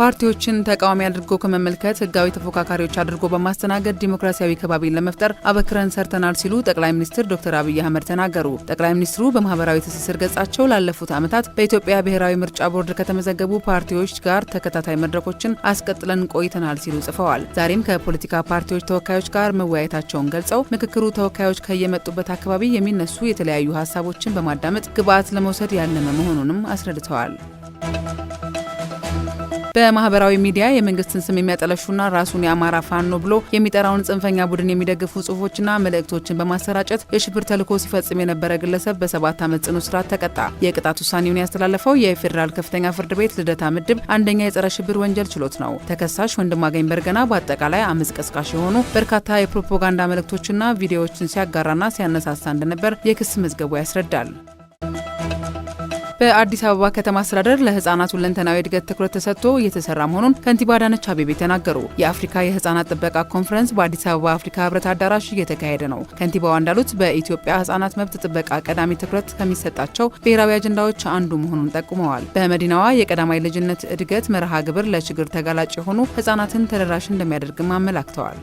ፓርቲዎችን ተቃዋሚ አድርጎ ከመመልከት ህጋዊ ተፎካካሪዎች አድርጎ በማስተናገድ ዲሞክራሲያዊ ከባቢን ለመፍጠር አበክረን ሰርተናል ሲሉ ጠቅላይ ሚኒስትር ዶክተር አብይ አህመድ ተናገሩ። ጠቅላይ ሚኒስትሩ በማህበራዊ ትስስር ገጻቸው ላለፉት ዓመታት በኢትዮጵያ ብሔራዊ ምርጫ ቦርድ ከተመዘገቡ ፓርቲዎች ጋር ተከታታይ መድረኮችን አስቀጥለን ቆይተናል ሲሉ ጽፈዋል። ዛሬም ከፖለቲካ ፓርቲዎች ተወካዮች ጋር መወያየታቸውን ገልጸው ምክክሩ ተወካዮች ከየመጡበት አካባቢ የሚነሱ የተለያዩ ሀሳቦችን በማዳመጥ ግብዓት ለመውሰድ ያለመ መሆኑንም አስረድተዋል። በማህበራዊ ሚዲያ የመንግስትን ስም የሚያጠለሹና ራሱን የአማራ ፋኖ ብሎ የሚጠራውን ጽንፈኛ ቡድን የሚደግፉ ጽሁፎችና መልእክቶችን በማሰራጨት የሽብር ተልኮ ሲፈጽም የነበረ ግለሰብ በሰባት ዓመት ጽኑ እስራት ተቀጣ። የቅጣት ውሳኔውን ያስተላለፈው የፌዴራል ከፍተኛ ፍርድ ቤት ልደታ ምድብ አንደኛ የጸረ ሽብር ወንጀል ችሎት ነው። ተከሳሽ ወንድማገኝ በርገና በአጠቃላይ አመጽ ቀስቃሽ የሆኑ በርካታ የፕሮፓጋንዳ መልእክቶችና ቪዲዮዎችን ሲያጋራና ሲያነሳሳ እንደነበር የክስ መዝገቡ ያስረዳል። በአዲስ አበባ ከተማ አስተዳደር ለህፃናት ሁለንተናዊ እድገት ትኩረት ተሰጥቶ እየተሰራ መሆኑን ከንቲባ አዳነች አቤቤ ተናገሩ። የአፍሪካ የህፃናት ጥበቃ ኮንፈረንስ በአዲስ አበባ አፍሪካ ህብረት አዳራሽ እየተካሄደ ነው። ከንቲባዋ እንዳሉት በኢትዮጵያ ህጻናት መብት ጥበቃ ቀዳሚ ትኩረት ከሚሰጣቸው ብሔራዊ አጀንዳዎች አንዱ መሆኑን ጠቁመዋል። በመዲናዋ የቀዳማይ ልጅነት እድገት መርሃ ግብር ለችግር ተጋላጭ የሆኑ ህጻናትን ተደራሽ እንደሚያደርግም አመላክተዋል።